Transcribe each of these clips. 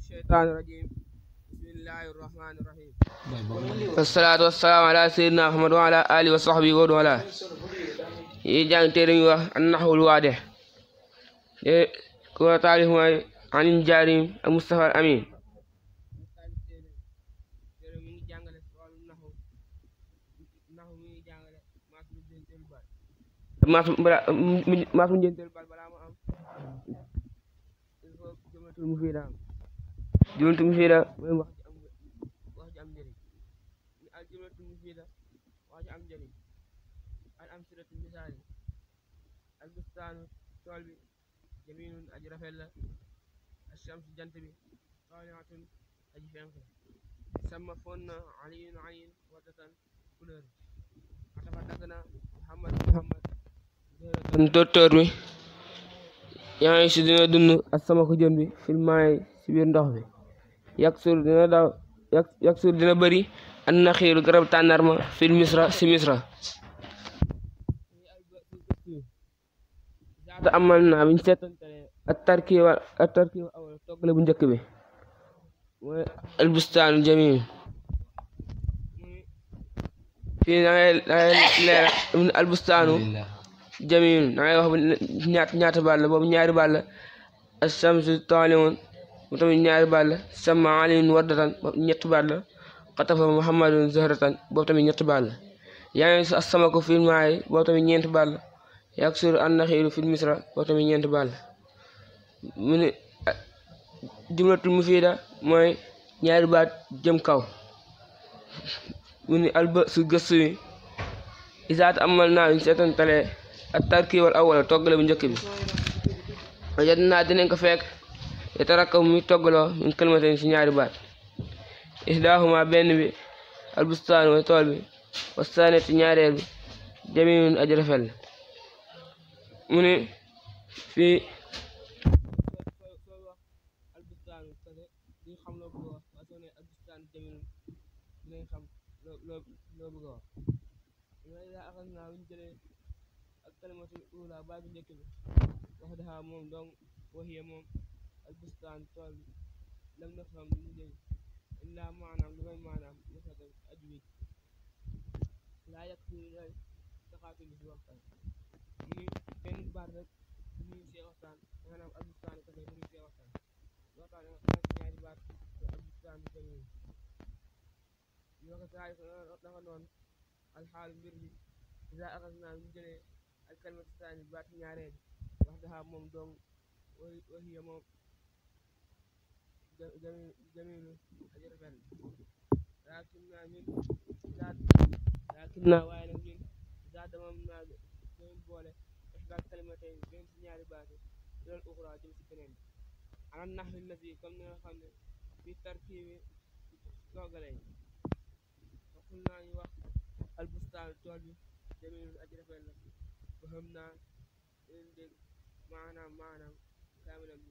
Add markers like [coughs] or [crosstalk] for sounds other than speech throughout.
الشيطان الرجيم بسم الله الرحمن الرحيم والصلاة والسلام على سيدنا محمد وعلى آله وصحبه وعلى يجان تيرمي wax النحو الواضح كو تعرف عن الجارم المصطفى الأمين maas mu njëntal baat balaa mu am il faut jëmatul mu fii daam jumlatu mufida wax ji am njëriñ al jumlatu mufida wax ji am njëriñ al amsilatu misaal yi al bustaanu tool bi jaminun aji rafet la ashamsu jant bi taaliatun aji fenk sama fon na aliyun aliyin watatan couleur atafa dagg na muhammad muhammad tan docteur bi yaa ngi si dina dund ak sama ko jën bi biir ndox bi yaksur dina bari yaksur dina bëri an na xiiru garab tàndarma fil misra si misra zaata amal naa biñ seetantale at tarkiiba at tarkiiba toggale bu njëkk bi mooy albustaanu jamil fii da ngay da ngay leeral albustaanu jamil da wax ñaata ñaata baal boobu ñaari baal la asamsu taaliwoon mu tamit ñaari baat la sama aliyun wardatan ñetti baat la xatafa muhammadun zahratan boobu tamit ñetti baat la yaa ngi asama ko fil boobu tamit ñeenti baat la yak suru boobu tamit ñeenti baat mu ne ah, jumlatul mufiida mooy ñaari baat jëm kaw mu ne alba su isaat amal naa ñu seetan tale ak tarkiiwal awwala toggale bu njëkk bi wajat naa dinañ ko fekk yatarakkabu mu toggaloo min kalimatain si ñaari baat ihdahuma benn bi albustaan mooy tool bi wasaaneti ñaareel bi jamilun aj rafet mu ne fii ak kalimatu ula baat bu njëkk wax daxa moom donc waxiye moom al bustaan tool bi lam na fam lu ñu jëy illaa maanaam lu may maanaam masada aj wij laa yàq fi lay taxaatu li waxtaan muy benn baat rek muy see waxtaan maanaam al bustaan kese muy see waxtaan waxtaan nga xam ñaari baat al bustaan bi tamit yoo ko saay naka noonu alxaal mbir bi iza axas naa ñu jëlee al kalmatu saani baat ñaareel wax daxaa moom dong wahiya moom lakin na waaye nag ñun za damam naa dañu boole ixbaat kalimatay benn si ñaari baati ilal uxra jëm si beneen ana naxwi lati comme ni nga xam ne fi tarkiibi toogale waxul naa ñu wax albustaan tool bi jamilul aji rafet la ba xam naa dégg maanaam maanaam kaamilam bi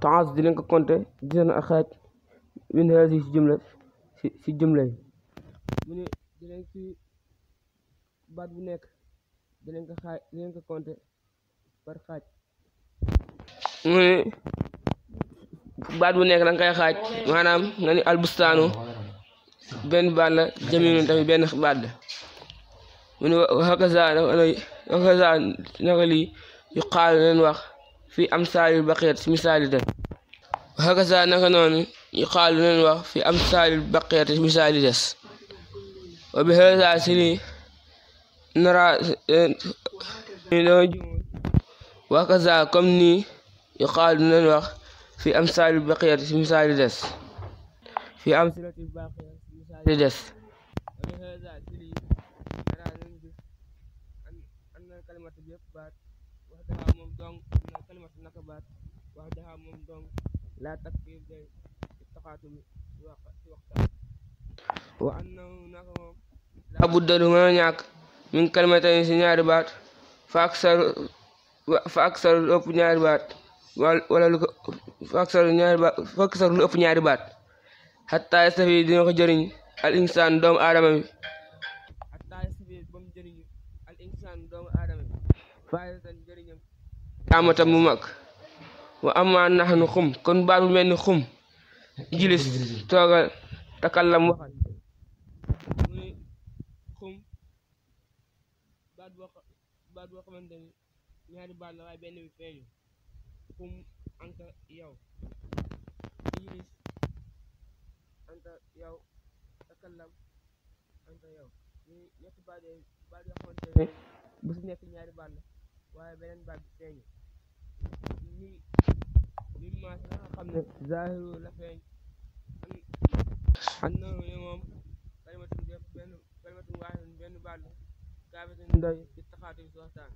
temps di leen ko compter di leen ak xaaj min haadihi si jumla si si mu ne di baat bu nekk di leen par xaaj mu ne baat bu nekk da nga koy xaaj maanaam nga ni albustaanu benn baat la jaminun tamit benn baat la mu ne wa hakaza naka lii yu xaalu leen wax fi amsaalil baqiyat si misaali des wa hakaza naka noonu yu xaalu leen wax fi amsaalil baqiyat si misaali des wa bi hakaza si li nara eh, wa hakaza comme nii yu xaalu leen wax fi amsaalil baqiyat si misaali des fi amsaalil baqiyat si misaali des wa bi hakaza baat wax daxa moom dong laa moom a ñàkk min kalmatayni si ñaari baat fa aksar lu ëpp ñaari baat wala lu ko fa aksar ñaari baat fa aksar lu ëpp ñaari baat xataa yastafi dina ko al insaan doomu aadama bi xataa yastafi ba mu al insaan doomu aadama bi faayatan jëriñam taamatam mu mag wa amma nahnu xum kon baat bu mel ni xum ijlis toogal takallam waxal xum baat boo baat boo xamante ni ñaari baat la waaye benn bi feeñu xum anta yow ijlis anta yow takallam anta yow ñuy nekk ñaari baat la waaye beneen baat bi feeñu mimma ci nga xam ne zaahiru la feeñ an noonu ne moom kalimatun def benn kalimatun waaxidatun benn baat la kaafiratun doy ci taxaatu bi si waxtaan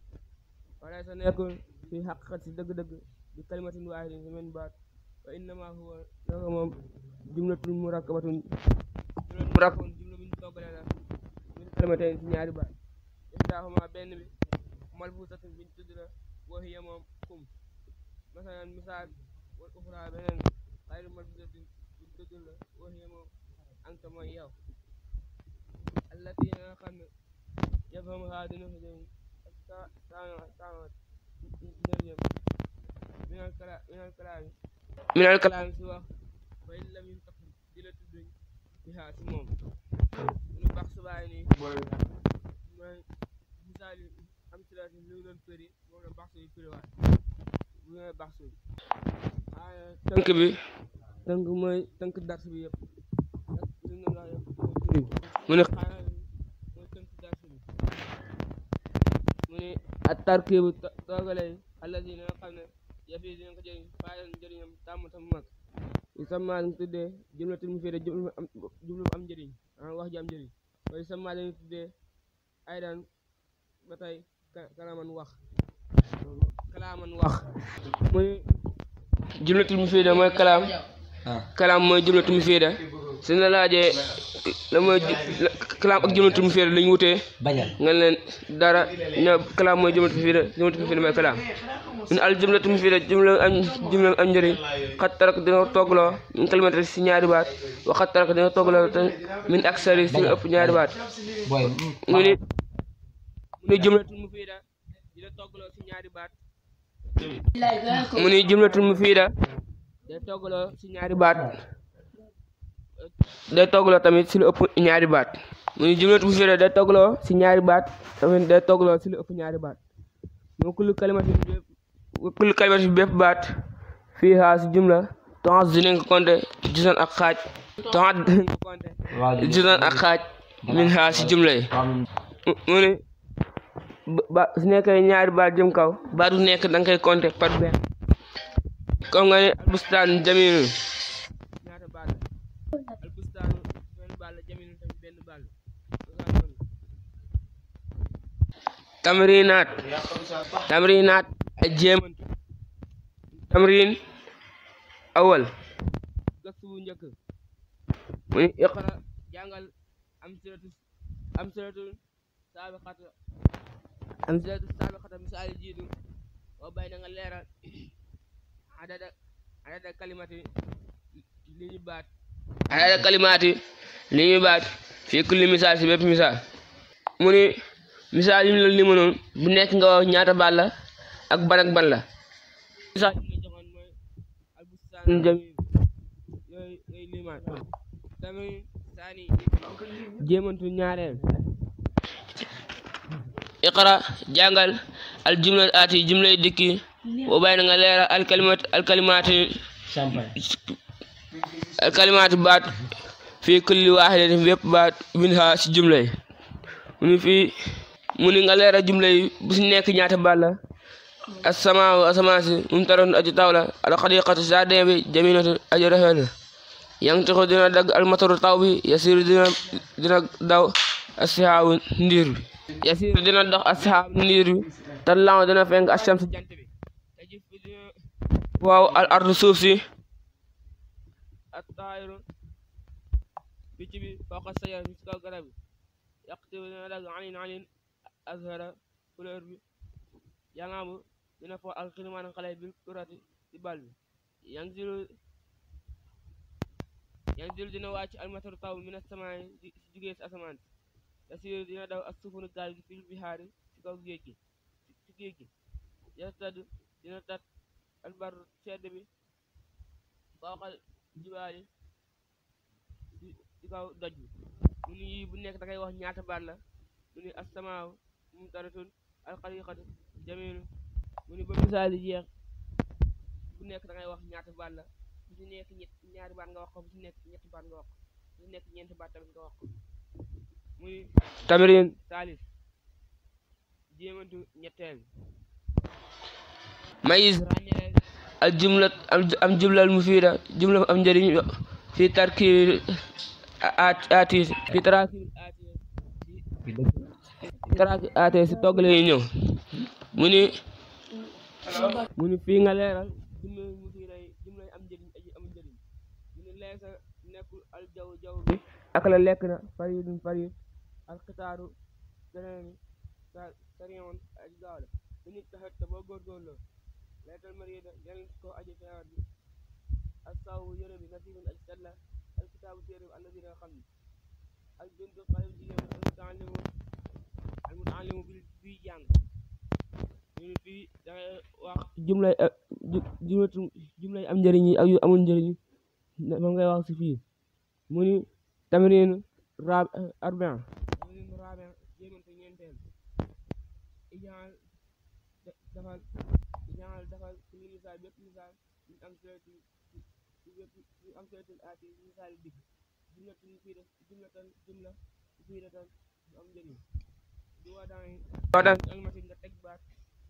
wala sa nekkul fi xaqiqat si dëgg-dëgg bi kalimatun waaxidatun si benn baat wa innama huwa naka moom jumlatun murakkabatun jumlatun murakkabatun jumla bu ñu toggale la min kalimatayn si ñaari baat ihdaahuma benn bi malbuusatun bi ñu tudd la waxiya moom kum masalan misaal wal uxra beneen xayru maddatin bu dëgg la waxiya moom anta mooy yow allati na nga xam ne yafam xaa dina ko jëm ak saanoot saanoot dina jëm minal kala minal kalaami minal kalaami si wax fa in lam yuntaq di la tudd ci xaa si moom ñu baax subaay nii mooy misaal yi am ci la ñu ngi doon fëri moom la baax suñu fëriwaat mu ngi baax suñu bi tënk mooy tënk dars bi yëpp mu ne mu ne ak tarkibu toogale yi allazi yi nga xam ne yëf yi dina ko jëriñ fayal njëriñam tàmm tam mag yu sama dañ tuddee jumlatul mu féete am jumlu am njëriñ am njëriñ waaye sama ay daan ba tey kalaaman wax kalaaman wax mooy jumlatul mufiida mooy kalaam ah. kalaam mooy jumlatul mufiida su la laajee la mooy kalaam ak jumlatul mufiida lañu wutee nga leen dara ñoo mooy jumlatul mufiida jumlatul mufiida mooy kalaam min al jumlatu mufiida jumla am jumla am njëriñ xat tarak dina toogloo min kalimati si ñaari baat wa xat tarak dina toogloo min aksari si ëpp ñaari baat mu nuy jumlatul mufiida di ñaari baat mu nuy jumlatul mufiida day toggaloo si ñaari baat day toggaloo tamit si lu ëpp ñaari baat mu nuy jumlatul mufiida day toggaloo si ñaari baat tamit day toggaloo si lu ëpp ñaari baat mu kullu kalimatin kullu kalimatin bépp baat fi xaa si jumla temps dinañ ko compter jusan ak xaaj temps ak xaaj min xaa si jumla yi ba su nekkee ñaari baat jëm kaw baatu nekk da nga koy compté par benn comme nga ne albustaan tamrinaat tamrinaat ay tamrin awal gëstu bu njëkk amsilatu saabiqata misaal yi jiitu wa bay na nga leeral [coughs] adada adada kalimati li fii kulli misaal si bépp misaal mu misaal yi la limanoon bu nekk nga ñaata baat la ak ban ban la misaal yi nga joxoon mooy albustaan jamil yooyu yooyu limaan iqra jàngal al jumla aati jumlay dikki wa bàyyi na nga leeral al kalimaati baat fii kulli waaxidatin bépp baat minha si jumla yi mu nga leeral jumla yi bu si nekk ñaata baat la asamaaw asamaan si mu taroon aju taw la al xadiqatu jardin rafet la yantiqu dina dagg al mataru taw bi yasiru dina dina daw asihaawu ndiir bi yasiiru dina dox asxaabu niir wi dina fenk ashamsu jant bi waaw al ardu suuf si ak taayiru picc bi fawqa sayar ci kaw garab yi yaqtibu dina dagg alin alin azhara couleur bi bi kurati ci bal bi yanzilu yanzilu taw min asamaan yasiiru dina daw ak sufunu gaal gi fil bihaari ci kaw géej gi ci géej gi yastad dina tat albar sedd bi fawqal jibaali ci kaw doj bi mu ni bu nekk da ngay wax ñaat baat la mu ni assamaaw mumtaratun alxariqatu jamilu mu ni ba misaal yi jeex bu nekk da ngay wax ñaata baat la bu ci nekk ñaari baat nga wax ko bu ci nekk ñetti baat nga nekk ñeenti baat tamit nga wax muy tamarin taalis jéemantu jumla am jumlal mufiida jumla am njëriñ fi tarkib atis fi tarkib atis si togg lañuy ñëw mu ni mu ni jumla mufiida yi jumla am am njëriñ mu leesa nekkul al jaw jaw bi ak la lekk na faridun farid alxitaaru gëneeni sariyoon aji gaaw la lu nit taxat te boo góorgóorloo laytal marida yeneen ko aji feewar bi ak saw yëre bi nasibun aji set la alkitaabu téere bi alladi nga xam ne ak bintu bi bii jàng ñun fii dangay am njëriñ yi ak yi wax si fii mu tamrin rab arbin ijaal defal ijaal defal suñu misaal bépp misaal ñu am sureetul bépp ñu am sureetul aati misaal dikk jumlatun fii de jumlatan jumla fii de tan bu am njëriñ di waa daan ak matin nga teg baat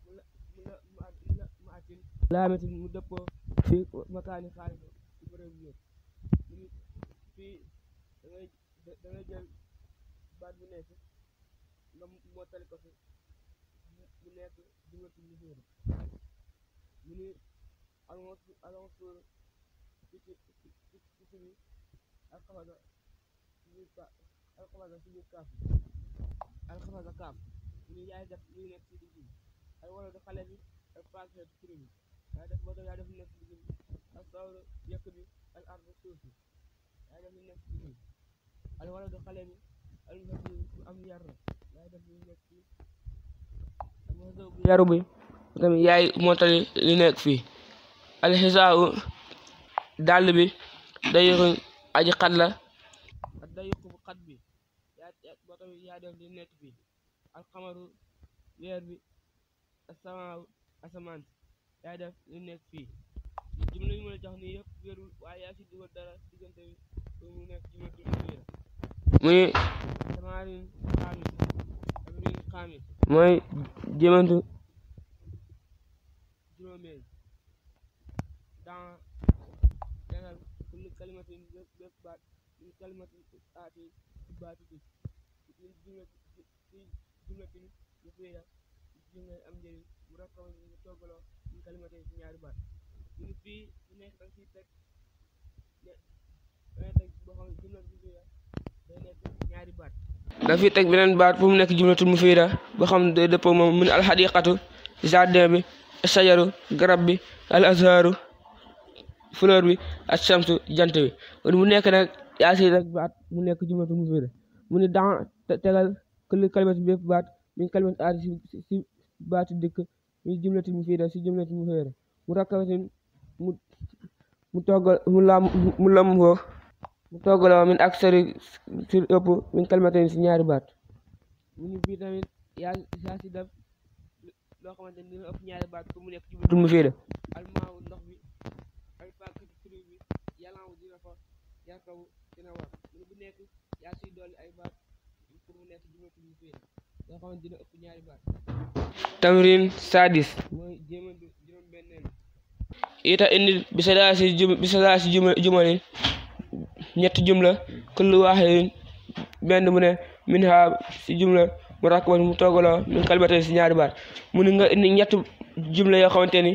mu la mu la mu la mu atin laamitin mu dëppoo fi makaani xaalis ci bërëb yëpp fii da ngay da ngay jël baat bu nekk nga mottali ko fi mu nekk diggante Niger mu ni Alonso Alonso Fekir Alxamaza si biir ka Alxamaza si biir kaaf si digg bi ay wala da xale bi ak paase yaa def moo tax yaa def mu nekk si digg bi ak sawru yëkk bi al ardu suuf bi yaa def mu nekk si digg al wala da xale bi al mu am yar la yaa def mu nekk si yaru bi tamit yaay mootali li nekk fii alxisaaru dàll bi dayirun aji xat la dayiqu bu bi yaa boo tamit yaa def li nekk fii alxamaru weer bi asamaaru asamaan yaa li nekk fii jumla muy jëmantu juróomeel dans danal kalimatin bépp baat kalimatin aati ci baatu bi min jumlatin jumlatin mufiida am njëriñ mu rakkama ñu toggaloo kalimatin ñaari baat ñun fii ñu nekk da teg ne da ngay teg boo xam ne jumla mufiida day ñaari baat dafi teg beneen baat bu mu nekk jumlatul mufiida boo xam ne dëppoo moom mu ne alxadiqatu jardin bi sajaru garab bi al azharu fleur bi ak chamsu jant bi kon mu nekk nag yaa rek baat mu nekk jumlatul mufiida mu ne daan tegal kël kalimat bépp baat min kalimat aati si si baati dëkk min jumlatul mufiida si jumlatul mufiida mu rakkatin mu mu toggal mu lam mu lam woo mu togg la min ak sori si ëpp min kalmatin si ñaari baat mu ñu bii tamit yaa si def loo xamante ni dina ëpp ñaari baat pour mu nekk ci biir mu fiida almaawu ndox bi ñaari baat tamrin sadis mooy jéema ita indi bi sadaa si juma jumalin ñetti jumla kullu waaxidin benn mu ne min ha si jumla mu rakkabat mu toggaloo min kalbata si ñaari baat mun nga indi ñett jumla yoo xamante ni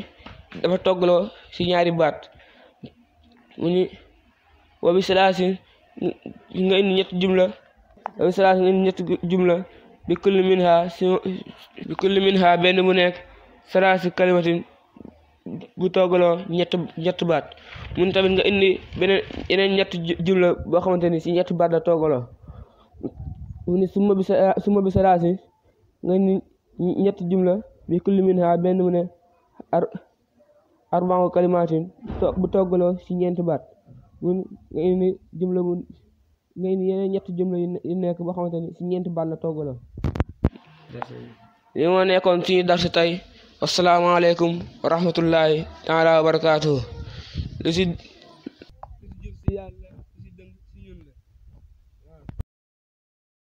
dafa toggaloo si ñaari baat mu ni wa bi salaasin nga indi ñetti jumla bi salaasin nga indi bi kulli min ha benn mu nekk salaasi kalimatin bu toogaloo ñett ñett baat mun tamit nga indi beneen yeneen ñett jumla boo xamante ni si ñett baat la toogaloo mu ne suma bi suma bi sa raasi ñett jumla bi kulli benn mu ne bu toogaloo si ñeenti baat mun nga indi yeneen ñett jumla yu nekk boo si ñeenti baat la toogaloo li moo nekkoon suñu darsi tey asalaamaaleykum wa rahmatullahi taala wa barakaatuhu lu si